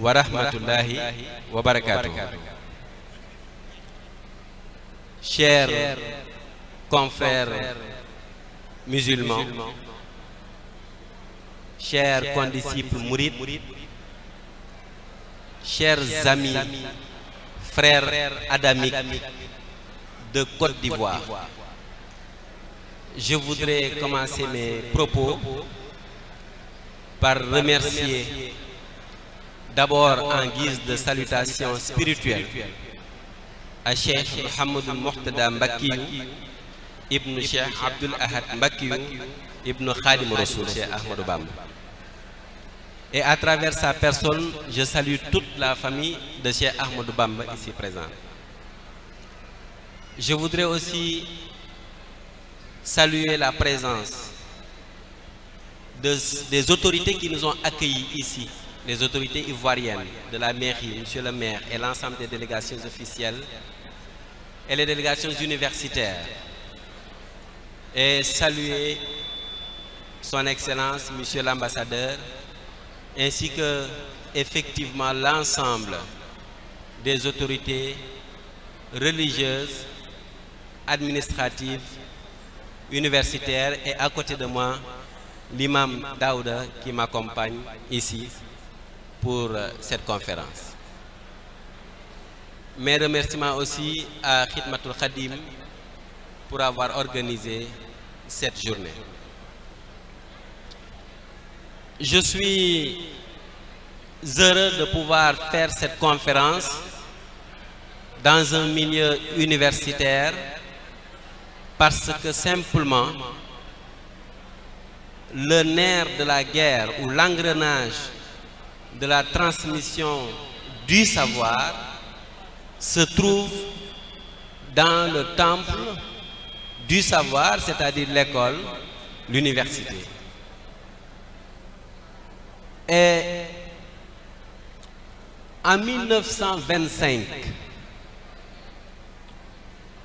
wa chers confrères musulmans chers condisciples mourides chers amis frères adamiques de Côte d'Ivoire je voudrais commencer mes propos par remercier d'abord en guise de salutation spirituelle à Cheikh Mohamed Muqtada Mbakkiyu Ibn Cheikh Abdul Ahad Mbakkiyu Ibn Khadim Rasoul Cheikh Ahmed Bamba et à travers sa personne je salue toute la famille de Cheikh Ahmed Bamba ici présent je voudrais aussi saluer la présence des autorités qui nous ont accueillis ici les autorités ivoiriennes de la mairie, monsieur le maire et l'ensemble des délégations officielles et les délégations universitaires et saluer son excellence monsieur l'ambassadeur ainsi que effectivement l'ensemble des autorités religieuses, administratives, universitaires et à côté de moi l'imam Daouda qui m'accompagne ici pour euh, cette conférence. Mes remerciements aussi à Khidmatul Khadim pour avoir organisé cette journée. Je suis heureux de pouvoir faire cette conférence dans un milieu universitaire parce que simplement le nerf de la guerre ou l'engrenage de la transmission du savoir se trouve dans le temple du savoir, c'est-à-dire l'école, l'université. Et en 1925,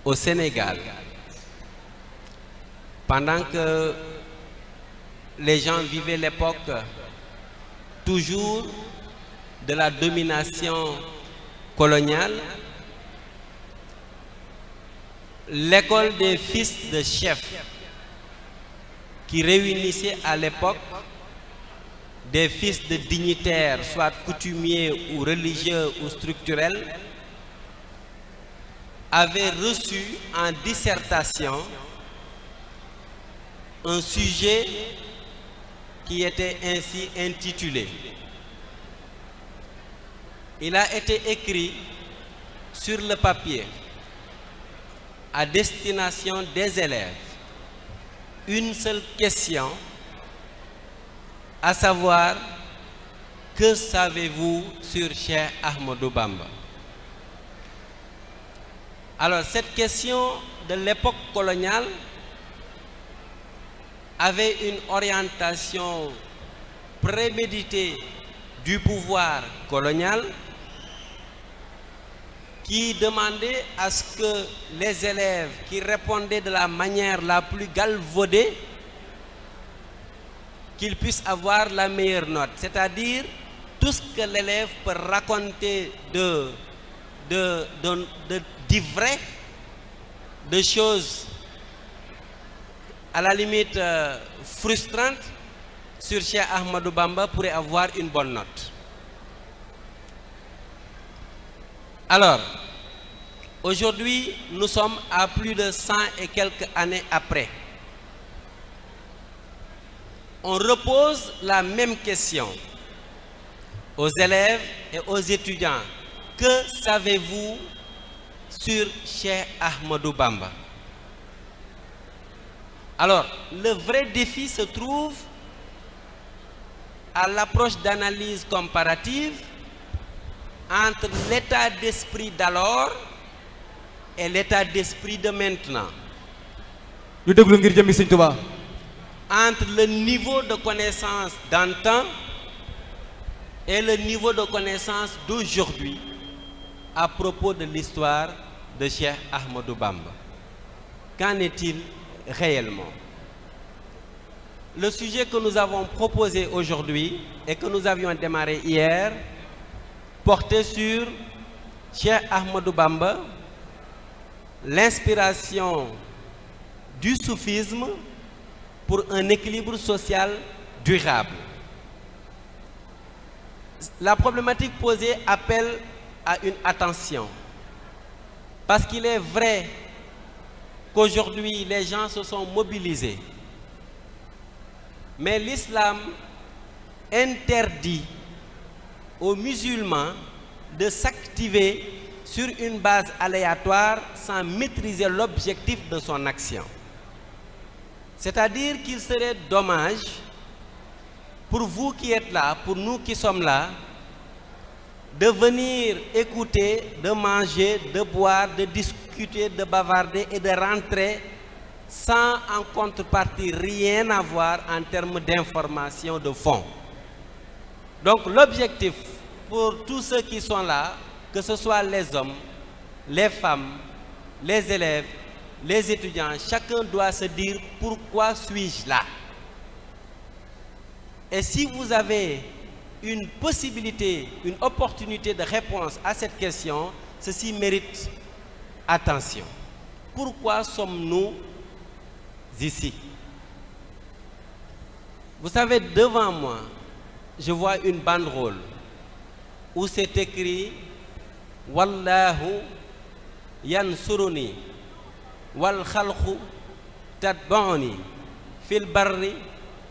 au Sénégal, pendant que les gens vivaient l'époque toujours de la domination coloniale, l'école des fils de chefs qui réunissait à l'époque des fils de dignitaires, soit coutumiers ou religieux ou structurels, avait reçu en dissertation un sujet était ainsi intitulé. Il a été écrit sur le papier à destination des élèves une seule question, à savoir que savez-vous sur Cheikh Ahmadou Bamba Alors cette question de l'époque coloniale avait une orientation préméditée du pouvoir colonial qui demandait à ce que les élèves qui répondaient de la manière la plus galvaudée qu'ils puissent avoir la meilleure note, c'est-à-dire tout ce que l'élève peut raconter de, de, de, de, de choses à la limite euh, frustrante sur Cheikh Ahmadou Bamba pourrait avoir une bonne note. Alors, aujourd'hui, nous sommes à plus de 100 et quelques années après. On repose la même question aux élèves et aux étudiants. Que savez-vous sur Cheikh Ahmadou Bamba alors, le vrai défi se trouve à l'approche d'analyse comparative entre l'état d'esprit d'alors et l'état d'esprit de maintenant. Entre le niveau de connaissance d'antan et le niveau de connaissance d'aujourd'hui à propos de l'histoire de Cheikh Ahmadou Bamba. Qu'en est-il réellement. Le sujet que nous avons proposé aujourd'hui et que nous avions démarré hier portait sur Cheikh Ahmadou Bamba, l'inspiration du soufisme pour un équilibre social durable. La problématique posée appelle à une attention parce qu'il est vrai qu'aujourd'hui les gens se sont mobilisés. Mais l'islam interdit aux musulmans de s'activer sur une base aléatoire sans maîtriser l'objectif de son action. C'est-à-dire qu'il serait dommage pour vous qui êtes là, pour nous qui sommes là, de venir écouter, de manger, de boire, de discuter de bavarder et de rentrer sans en contrepartie rien avoir en termes d'information de fond. Donc l'objectif pour tous ceux qui sont là, que ce soit les hommes, les femmes, les élèves, les étudiants, chacun doit se dire pourquoi suis-je là Et si vous avez une possibilité, une opportunité de réponse à cette question, ceci mérite attention, pourquoi sommes-nous ici Vous savez, devant moi, je vois une banderole où c'est écrit Wallahu yansuruni wal khalqu fil barri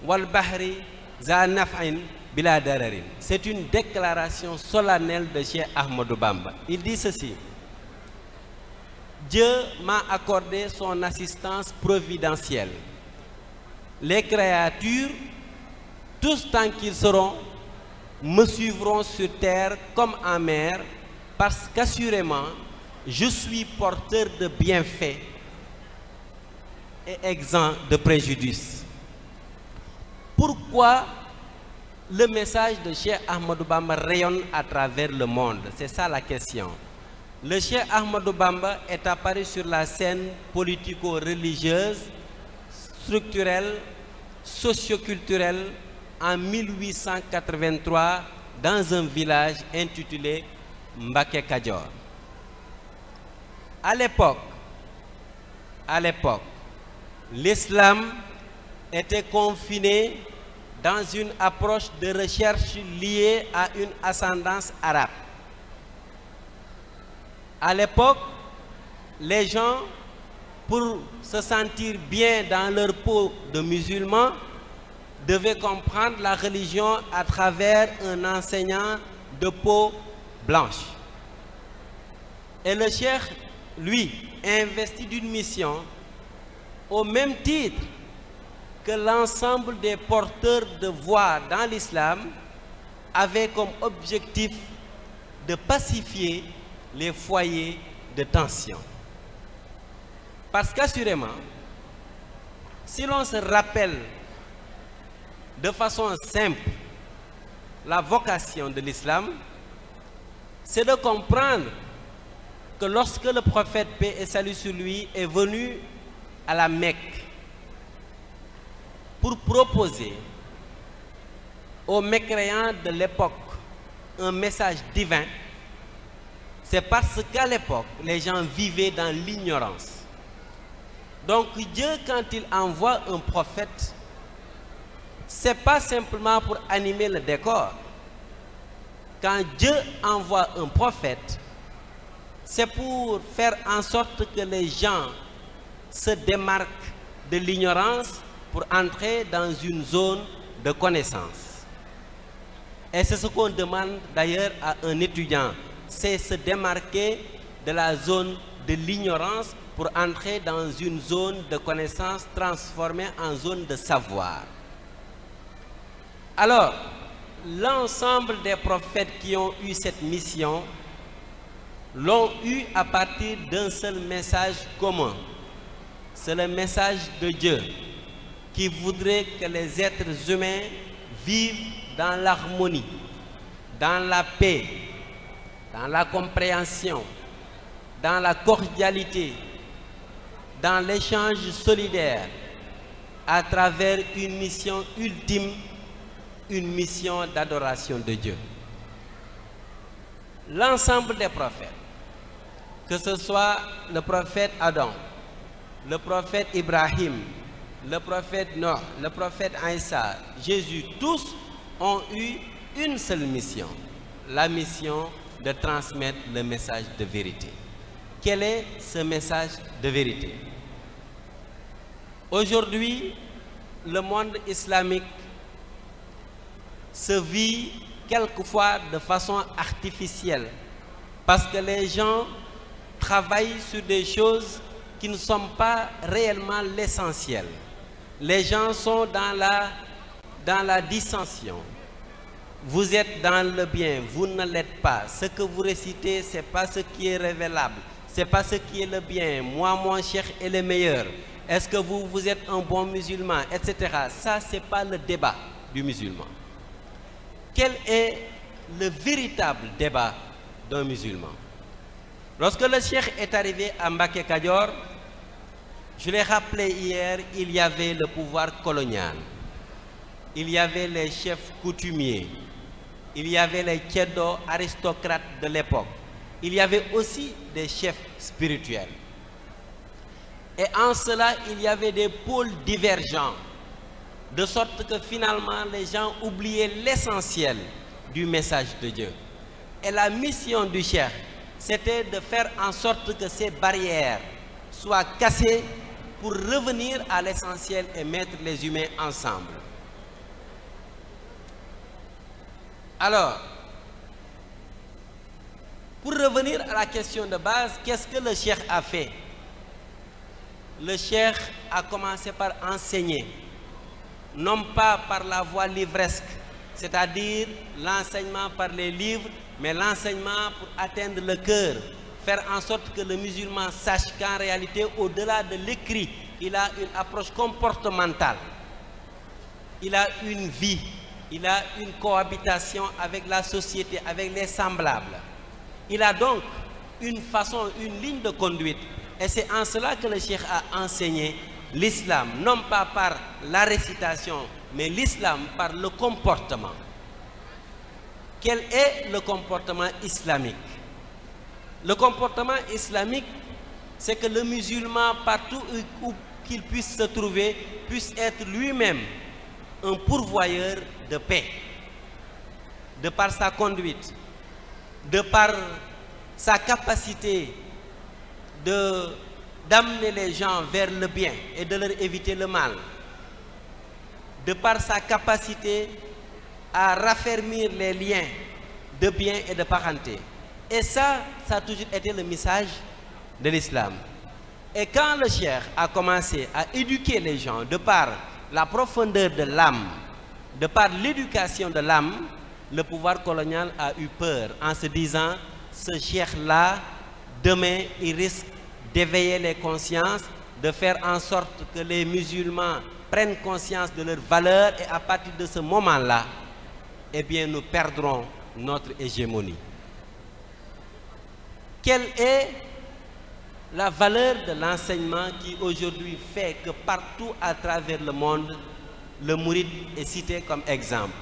wal bahri za naf'in C'est une déclaration solennelle de Cheikh Ahmadou Bamba. Il dit ceci. Dieu m'a accordé son assistance providentielle. Les créatures, tous tant qu'ils seront, me suivront sur terre comme en mer, parce qu'assurément, je suis porteur de bienfaits et exempt de préjudice. Pourquoi le message de Cheikh Ahmadou Bamba rayonne à travers le monde C'est ça la question le chef Ahmadou Bamba est apparu sur la scène politico-religieuse, structurelle, socioculturelle en 1883 dans un village intitulé Mbake À l'époque, à l'époque, l'islam était confiné dans une approche de recherche liée à une ascendance arabe à l'époque, les gens, pour se sentir bien dans leur peau de musulmans, devaient comprendre la religion à travers un enseignant de peau blanche. Et le chef, lui, investi d'une mission au même titre que l'ensemble des porteurs de voix dans l'islam avait comme objectif de pacifier les foyers de tension. Parce qu'assurément, si l'on se rappelle de façon simple la vocation de l'islam, c'est de comprendre que lorsque le prophète paix et salut sur lui est venu à la Mecque pour proposer aux mécréants de l'époque un message divin, c'est parce qu'à l'époque, les gens vivaient dans l'ignorance. Donc Dieu, quand il envoie un prophète, c'est pas simplement pour animer le décor. Quand Dieu envoie un prophète, c'est pour faire en sorte que les gens se démarquent de l'ignorance pour entrer dans une zone de connaissance. Et c'est ce qu'on demande d'ailleurs à un étudiant c'est se démarquer de la zone de l'ignorance pour entrer dans une zone de connaissance transformée en zone de savoir. Alors, l'ensemble des prophètes qui ont eu cette mission l'ont eu à partir d'un seul message commun. C'est le message de Dieu qui voudrait que les êtres humains vivent dans l'harmonie, dans la paix, dans la compréhension, dans la cordialité, dans l'échange solidaire, à travers une mission ultime, une mission d'adoration de Dieu. L'ensemble des prophètes, que ce soit le prophète Adam, le prophète Ibrahim, le prophète Noah, le prophète Aïssa, Jésus, tous ont eu une seule mission, la mission de transmettre le message de vérité. Quel est ce message de vérité Aujourd'hui, le monde islamique se vit quelquefois de façon artificielle parce que les gens travaillent sur des choses qui ne sont pas réellement l'essentiel. Les gens sont dans la, dans la dissension, vous êtes dans le bien, vous ne l'êtes pas. Ce que vous récitez, ce n'est pas ce qui est révélable. Ce n'est pas ce qui est le bien. Moi, mon chef est le meilleur. Est-ce que vous, vous êtes un bon musulman, etc. Ça, ce n'est pas le débat du musulman. Quel est le véritable débat d'un musulman Lorsque le chef est arrivé à Mbaké Kadior, je l'ai rappelé hier, il y avait le pouvoir colonial. Il y avait les chefs coutumiers il y avait les Tchédos aristocrates de l'époque. Il y avait aussi des chefs spirituels. Et en cela, il y avait des pôles divergents, de sorte que finalement les gens oubliaient l'essentiel du message de Dieu. Et la mission du chef, c'était de faire en sorte que ces barrières soient cassées pour revenir à l'essentiel et mettre les humains ensemble. Alors, pour revenir à la question de base, qu'est-ce que le cheikh a fait Le cheikh a commencé par enseigner, non pas par la voie livresque, c'est-à-dire l'enseignement par les livres, mais l'enseignement pour atteindre le cœur, faire en sorte que le musulman sache qu'en réalité, au-delà de l'écrit, il a une approche comportementale, il a une vie il a une cohabitation avec la société, avec les semblables. Il a donc une façon, une ligne de conduite. Et c'est en cela que le Cheikh a enseigné l'islam, non pas par la récitation, mais l'islam par le comportement. Quel est le comportement islamique Le comportement islamique, c'est que le musulman, partout où qu'il puisse se trouver, puisse être lui-même un pourvoyeur de paix, de par sa conduite, de par sa capacité de d'amener les gens vers le bien et de leur éviter le mal, de par sa capacité à raffermir les liens de bien et de parenté. Et ça, ça a toujours été le message de l'islam. Et quand le cher a commencé à éduquer les gens de par la profondeur de l'âme, de par l'éducation de l'âme, le pouvoir colonial a eu peur en se disant ce chef-là, demain, il risque d'éveiller les consciences, de faire en sorte que les musulmans prennent conscience de leurs valeurs et à partir de ce moment-là, eh bien, nous perdrons notre hégémonie. Quelle est la valeur de l'enseignement qui aujourd'hui fait que partout à travers le monde, le Mourid est cité comme exemple.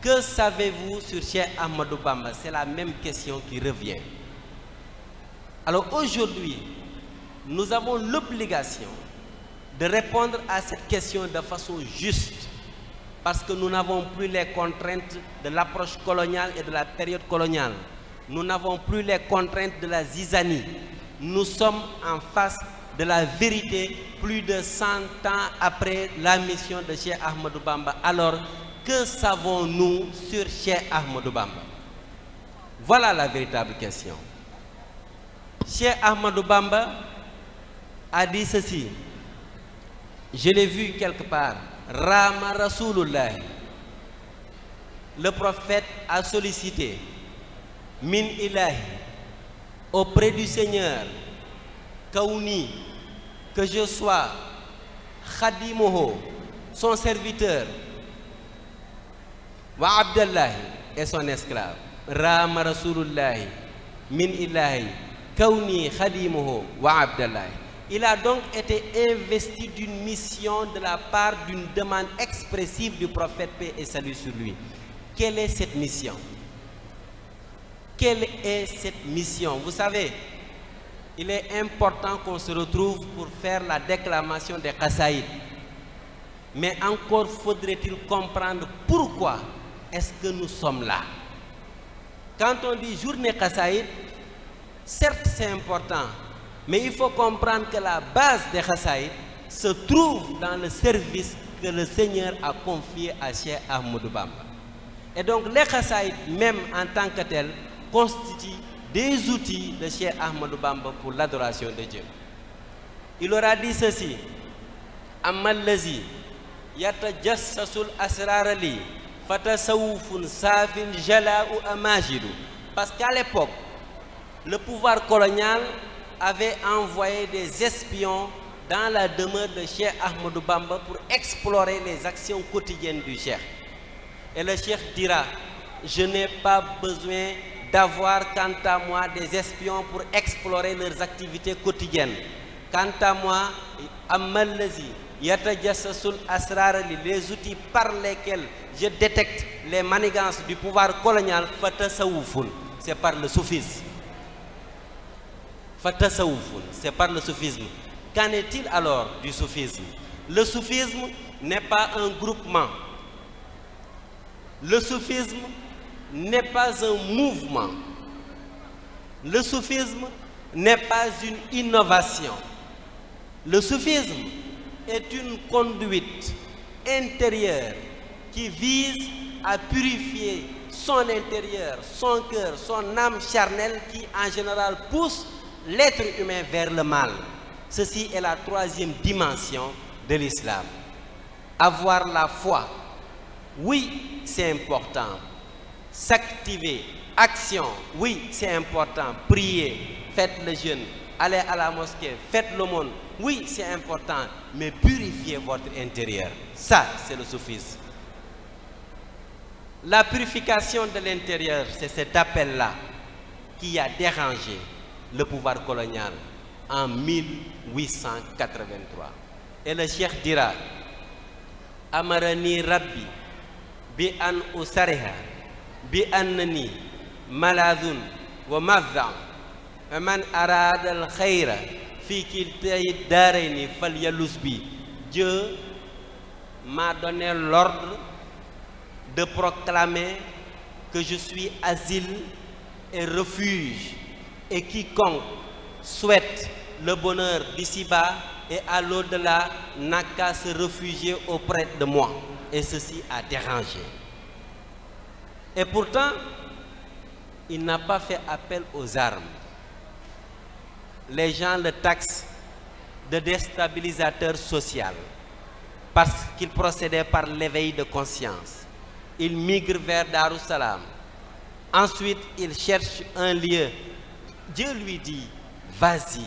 Que savez-vous sur Cheikh Ahmadou Bamba C'est la même question qui revient. Alors aujourd'hui, nous avons l'obligation de répondre à cette question de façon juste parce que nous n'avons plus les contraintes de l'approche coloniale et de la période coloniale. Nous n'avons plus les contraintes de la zizanie nous sommes en face de la vérité plus de 100 ans après la mission de Cheikh Ahmadou Bamba. Alors, que savons-nous sur Cheikh Ahmadou Bamba Voilà la véritable question. Cheikh Ahmadou Bamba a dit ceci. Je l'ai vu quelque part. Rama Rasulullah. Le prophète a sollicité. Min ilahi auprès du Seigneur, Kaouni, que je sois Moho, son serviteur, wa Abdallah, et son esclave, Rama Rasulullahi, Min Ilahi, Kaouni Khadimoho, wa Abdallah. Il a donc été investi d'une mission de la part d'une demande expressive du prophète paix et salut sur lui. Quelle est cette mission quelle est cette mission Vous savez, il est important qu'on se retrouve pour faire la déclamation des Kassaïd. Mais encore faudrait-il comprendre pourquoi est-ce que nous sommes là. Quand on dit journée Kassaïd, certes c'est important, mais il faut comprendre que la base des Kassaïd se trouve dans le service que le Seigneur a confié à Cheikh Ahmoud Bamba. Et donc les Kassaïd, même en tant que tels, constituent des outils de Cheikh Ahmadou Bamba pour l'adoration de Dieu. Il aura dit ceci Parce qu'à l'époque, le pouvoir colonial avait envoyé des espions dans la demeure de Cheikh Ahmadou Bamba pour explorer les actions quotidiennes du Cheikh. Et le Cheikh dira Je n'ai pas besoin d'avoir quant à moi des espions pour explorer leurs activités quotidiennes. Quant à moi, à les outils par lesquels je détecte les manigances du pouvoir colonial, c'est par le soufisme. c'est par le soufisme. Qu'en est-il alors du soufisme Le soufisme n'est pas un groupement. Le soufisme n'est pas un mouvement. Le soufisme n'est pas une innovation. Le soufisme est une conduite intérieure qui vise à purifier son intérieur, son cœur, son âme charnelle qui en général pousse l'être humain vers le mal. Ceci est la troisième dimension de l'islam. Avoir la foi, oui, c'est important s'activer, action, oui, c'est important, prier, faites le jeûne, allez à la mosquée, faites le monde. oui, c'est important, mais purifiez votre intérieur. Ça, c'est le soufisme. La purification de l'intérieur, c'est cet appel-là qui a dérangé le pouvoir colonial en 1883. Et le chef dira, Amarani Rabbi, be'an Dieu m'a donné l'ordre de proclamer que je suis asile et refuge et quiconque souhaite le bonheur d'ici-bas et à l'au-delà n'a qu'à se réfugier auprès de moi et ceci a dérangé et pourtant, il n'a pas fait appel aux armes. Les gens le taxent de déstabilisateur social parce qu'il procédait par l'éveil de conscience. Il migre vers Darussalam. Ensuite, il cherche un lieu. Dieu lui dit, vas-y,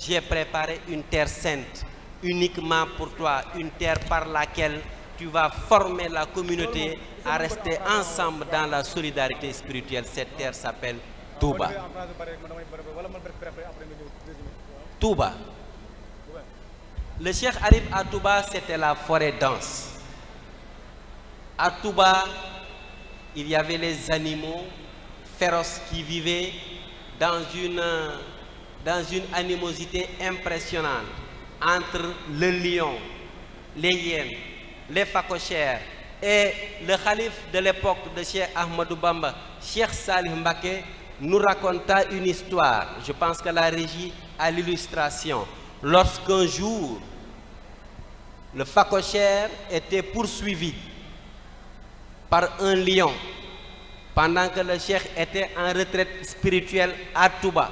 j'ai préparé une terre sainte uniquement pour toi, une terre par laquelle tu vas former la communauté à rester ensemble dans la solidarité spirituelle. Cette terre s'appelle Touba. Touba. Le cheikh arrive à Touba, c'était la forêt dense. À Touba, il y avait les animaux féroces qui vivaient dans une, dans une animosité impressionnante entre le lion, les hyènes, les Fakosher et le calife de l'époque de Cheikh Ahmadou Bamba, Cheikh Salih Mbake, nous raconta une histoire. Je pense que la régie a l'illustration. Lorsqu'un jour, le Fakosher était poursuivi par un lion pendant que le cheikh était en retraite spirituelle à Touba.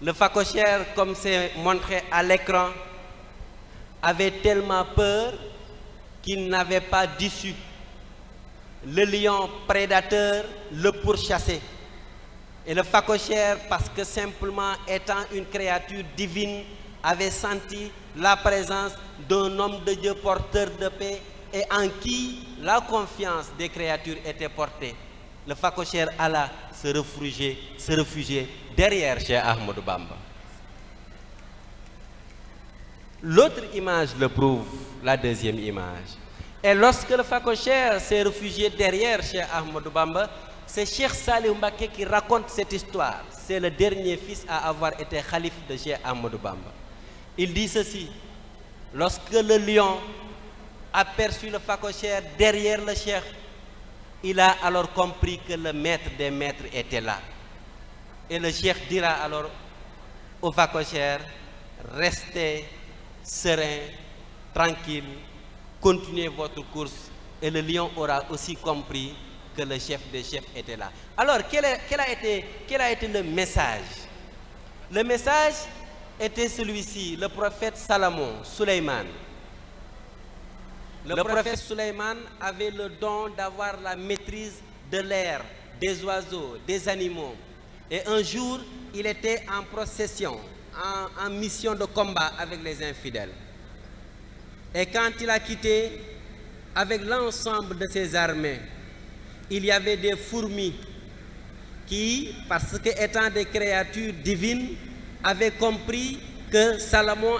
Le Fakosher, comme c'est montré à l'écran, avait tellement peur qu'il n'avait pas d'issue. Le lion prédateur le pourchassait. Et le Fakochère, parce que simplement étant une créature divine, avait senti la présence d'un homme de Dieu porteur de paix et en qui la confiance des créatures était portée. Le Fakochère alla se réfugier, se réfugier derrière chez Ahmed Bamba. L'autre image le prouve, la deuxième image. Et lorsque le Fakosher s'est réfugié derrière chez Ahmadou Bamba, c'est Cheikh Salih Mbake qui raconte cette histoire. C'est le dernier fils à avoir été calife de Cheikh Ahmadou Bamba. Il dit ceci Lorsque le lion aperçut le Fakosher derrière le Cheikh, il a alors compris que le maître des maîtres était là. Et le Cheikh dira alors au Fakosher, Restez serein, tranquille, continuez votre course et le lion aura aussi compris que le chef des chefs était là. Alors, quel a, été, le message Le message était celui-ci, le prophète Salomon, Suleiman. Le, prophète, prophète avait le don d'avoir la maîtrise de l'air, des oiseaux, des animaux. Et un jour, il était en procession en, mission de combat avec les infidèles. Et quand il a quitté, avec l'ensemble de ses armées, il y avait des fourmis qui, parce que étant des créatures divines, avaient compris que Salomon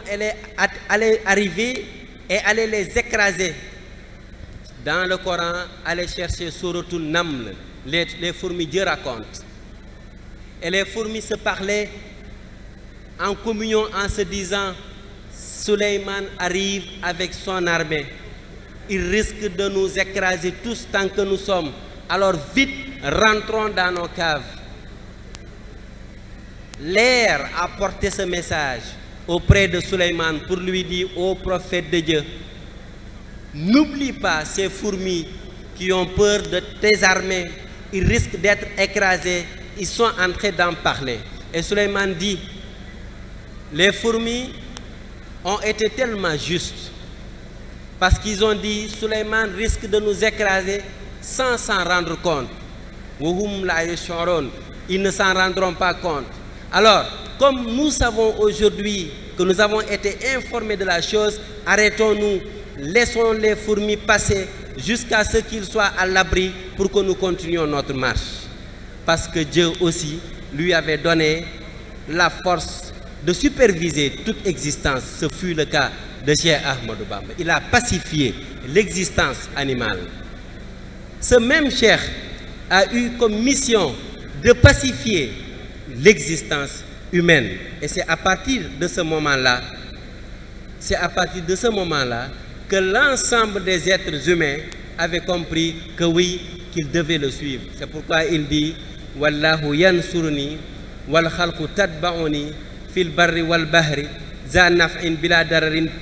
allait, arriver et allait les écraser. Dans le Coran, allait chercher Suratul Naml, les, les fourmis, Dieu raconte. Et les fourmis se parlaient en communion en se disant Suleiman arrive avec son armée. Il risque de nous écraser tous tant que nous sommes. Alors vite, rentrons dans nos caves. L'air a porté ce message auprès de Suleiman pour lui dire, ô prophète de Dieu, n'oublie pas ces fourmis qui ont peur de tes armées. Ils risquent d'être écrasés. Ils sont entrés train d'en parler. Et Suleiman dit, les fourmis ont été tellement justes parce qu'ils ont dit Suleiman risque de nous écraser sans s'en rendre compte. Ils ne s'en rendront pas compte. Alors, comme nous savons aujourd'hui que nous avons été informés de la chose, arrêtons-nous, laissons les fourmis passer jusqu'à ce qu'ils soient à l'abri pour que nous continuions notre marche. Parce que Dieu aussi lui avait donné la force de superviser toute existence. Ce fut le cas de Cheikh Ahmadou Bamba. Il a pacifié l'existence animale. Ce même Cheikh a eu comme mission de pacifier l'existence humaine. Et c'est à partir de ce moment-là, c'est à partir de ce moment-là que l'ensemble des êtres humains avait compris que oui, qu'ils devaient le suivre. C'est pourquoi il dit « Wallahu yansurni wal khalqu barri wal bahri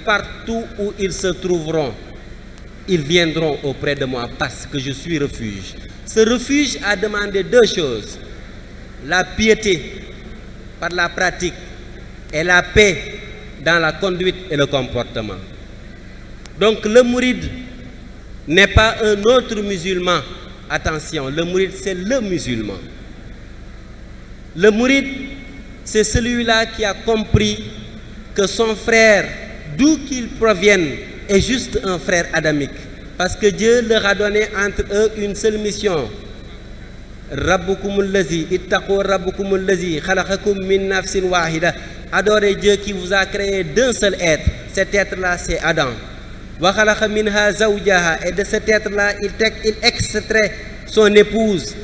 partout où ils se trouveront ils viendront auprès de moi parce que je suis refuge ce refuge a demandé deux choses la piété par la pratique et la paix dans la conduite et le comportement donc le Mourid n'est pas un autre musulman attention le Mourid, c'est le musulman le mouride c'est celui-là qui a compris que son frère, d'où qu'il provienne, est juste un frère adamique. Parce que Dieu leur a donné entre eux une seule mission. Adorez Dieu qui vous a créé d'un seul être. Cet être-là, c'est Adam. Et de cet être-là, il, il extrait son épouse,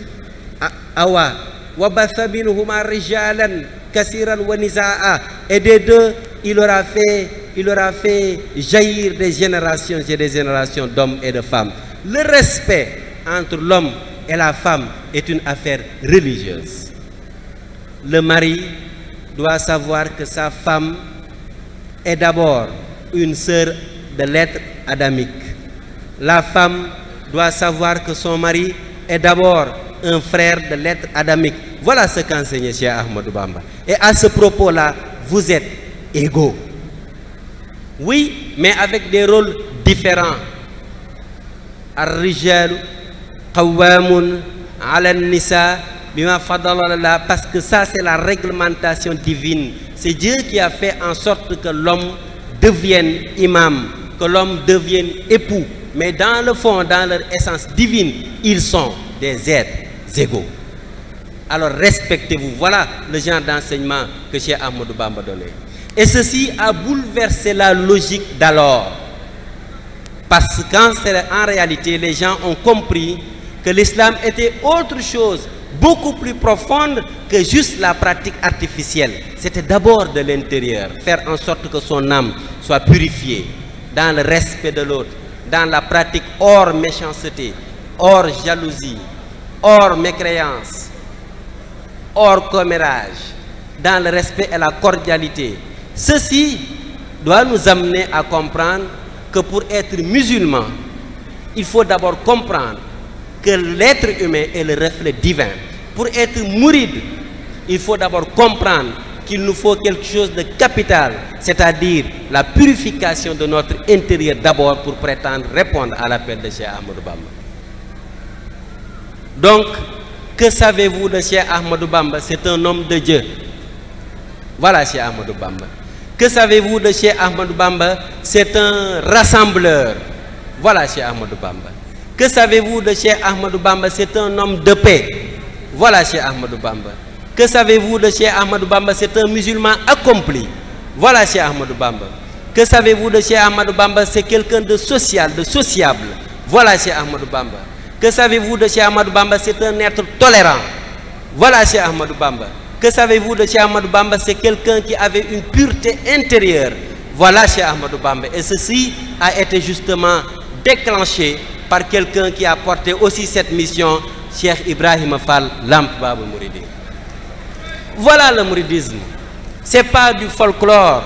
Awa. Et des deux, il aura fait, il aura fait jaillir des générations et des générations d'hommes et de femmes. Le respect entre l'homme et la femme est une affaire religieuse. Le mari doit savoir que sa femme est d'abord une sœur de l'être adamique. La femme doit savoir que son mari est d'abord un frère de l'être adamique. Voilà ce qu'enseigne Cheikh Ahmadou Bamba. Et à ce propos-là, vous êtes égaux. Oui, mais avec des rôles différents. Ar-rijal qawwamun nissa, bima parce que ça c'est la réglementation divine. C'est Dieu qui a fait en sorte que l'homme devienne imam, que l'homme devienne époux, mais dans le fond, dans leur essence divine, ils sont des êtres égaux. Alors respectez-vous. Voilà le genre d'enseignement que chez Ahmadou Bamba donné. Et ceci a bouleversé la logique d'alors. Parce qu'en réalité, les gens ont compris que l'islam était autre chose, beaucoup plus profonde que juste la pratique artificielle. C'était d'abord de l'intérieur, faire en sorte que son âme soit purifiée dans le respect de l'autre, dans la pratique hors méchanceté, hors jalousie, hors mécréance, hors commérage, dans le respect et la cordialité. Ceci doit nous amener à comprendre que pour être musulman, il faut d'abord comprendre que l'être humain est le reflet divin. Pour être mouride, il faut d'abord comprendre qu'il nous faut quelque chose de capital, c'est-à-dire la purification de notre intérieur d'abord pour prétendre répondre à l'appel de Cheikh Amour Bamba. Donc, que savez-vous de Cheikh Ahmadou Bamba C'est un homme de Dieu. Voilà chez Ahmadou Bamba. Que savez-vous de Cheikh Ahmadou Bamba C'est un rassembleur. Voilà chez Ahmadou Bamba. Que savez-vous de Cheikh Ahmadou Bamba C'est un homme de paix. Voilà Cheikh Ahmadou Bamba. Que savez-vous de Cheikh Ahmadou Bamba C'est un musulman accompli. Voilà Cheikh Ahmadou Bamba. Que savez-vous de Cheikh Ahmadou Bamba C'est quelqu'un de social, de sociable. Voilà Cheikh Ahmadou Bamba. Que savez-vous de Cheikh Ahmadou Bamba C'est un être tolérant. Voilà Cheikh Ahmadou Bamba. Que savez-vous de Cheikh Ahmadou Bamba C'est quelqu'un qui avait une pureté intérieure. Voilà chez Ahmadou Bamba. Et ceci a été justement déclenché par quelqu'un qui a porté aussi cette mission, Cheikh Ibrahim Fall Lamp Baba Voilà le mouridisme. Ce n'est pas du folklore.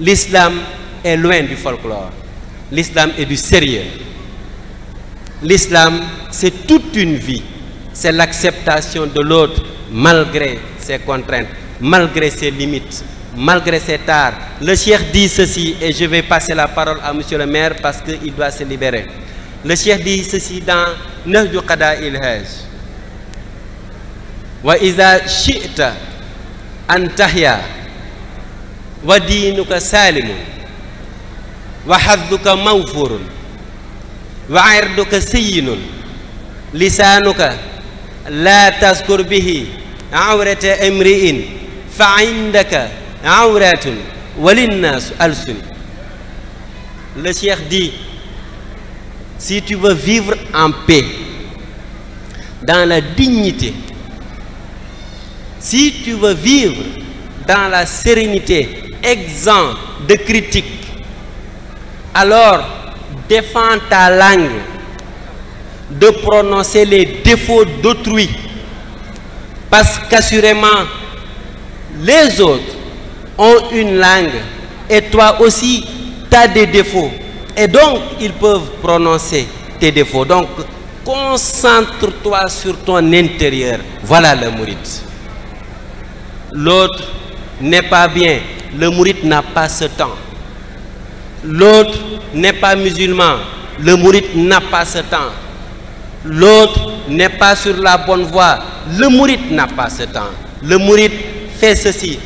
L'islam est loin du folklore. L'islam est du sérieux. L'islam, c'est toute une vie. C'est l'acceptation de l'autre malgré ses contraintes, malgré ses limites, malgré ses tares. Le chef dit ceci, et je vais passer la parole à monsieur le maire parce qu'il doit se libérer. Le chef dit ceci dans Neuf du Qada il Hajj. Wa iza shi'ta dinuka wa ka siyinun lisanuka. laa taskur bihi awrata imri'in fa indaka awratun le cheikh dit si tu veux vivre en paix dans la dignité si tu veux vivre dans la sérénité exempt de critique, alors défends ta langue de prononcer les défauts d'autrui parce qu'assurément les autres ont une langue et toi aussi tu as des défauts et donc ils peuvent prononcer tes défauts donc concentre-toi sur ton intérieur voilà le mourit. l'autre n'est pas bien le mourite n'a pas ce temps L'autre n'est pas musulman. Le mourite n'a pas ce temps. L'autre n'est pas sur la bonne voie. Le mouride n'a pas ce temps. Le mouride fait ceci.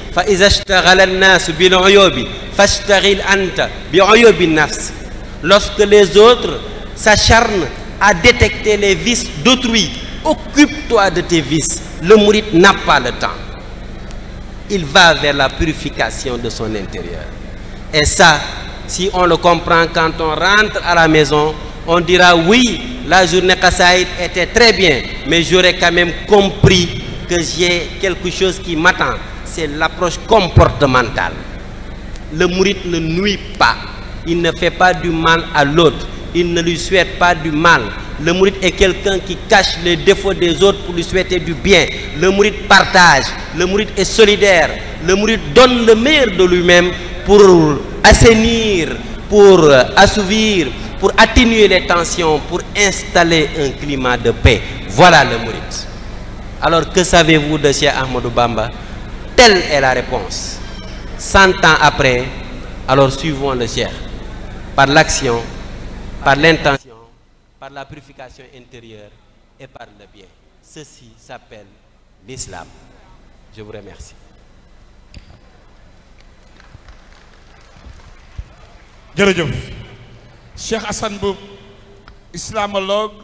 Lorsque les autres s'acharnent à détecter les vices d'autrui, occupe-toi de tes vices. Le mouride n'a pas le temps. Il va vers la purification de son intérieur. Et ça, si on le comprend quand on rentre à la maison, on dira oui, la journée Kassaïd était très bien, mais j'aurais quand même compris que j'ai quelque chose qui m'attend. C'est l'approche comportementale. Le mourite ne nuit pas, il ne fait pas du mal à l'autre, il ne lui souhaite pas du mal. Le mourite est quelqu'un qui cache les défauts des autres pour lui souhaiter du bien. Le mourite partage, le mourite est solidaire, le mourite donne le meilleur de lui-même pour assainir, pour euh, assouvir, pour atténuer les tensions, pour installer un climat de paix. Voilà le mérite. Alors que savez-vous de Cheikh Ahmadou Bamba Telle est la réponse. Cent ans après, alors suivons le Cheikh par l'action, par l'intention, par la purification intérieure et par le bien. Ceci s'appelle l'islam. Je vous remercie. jërëjëf Cheikh Assane Mboup islamologue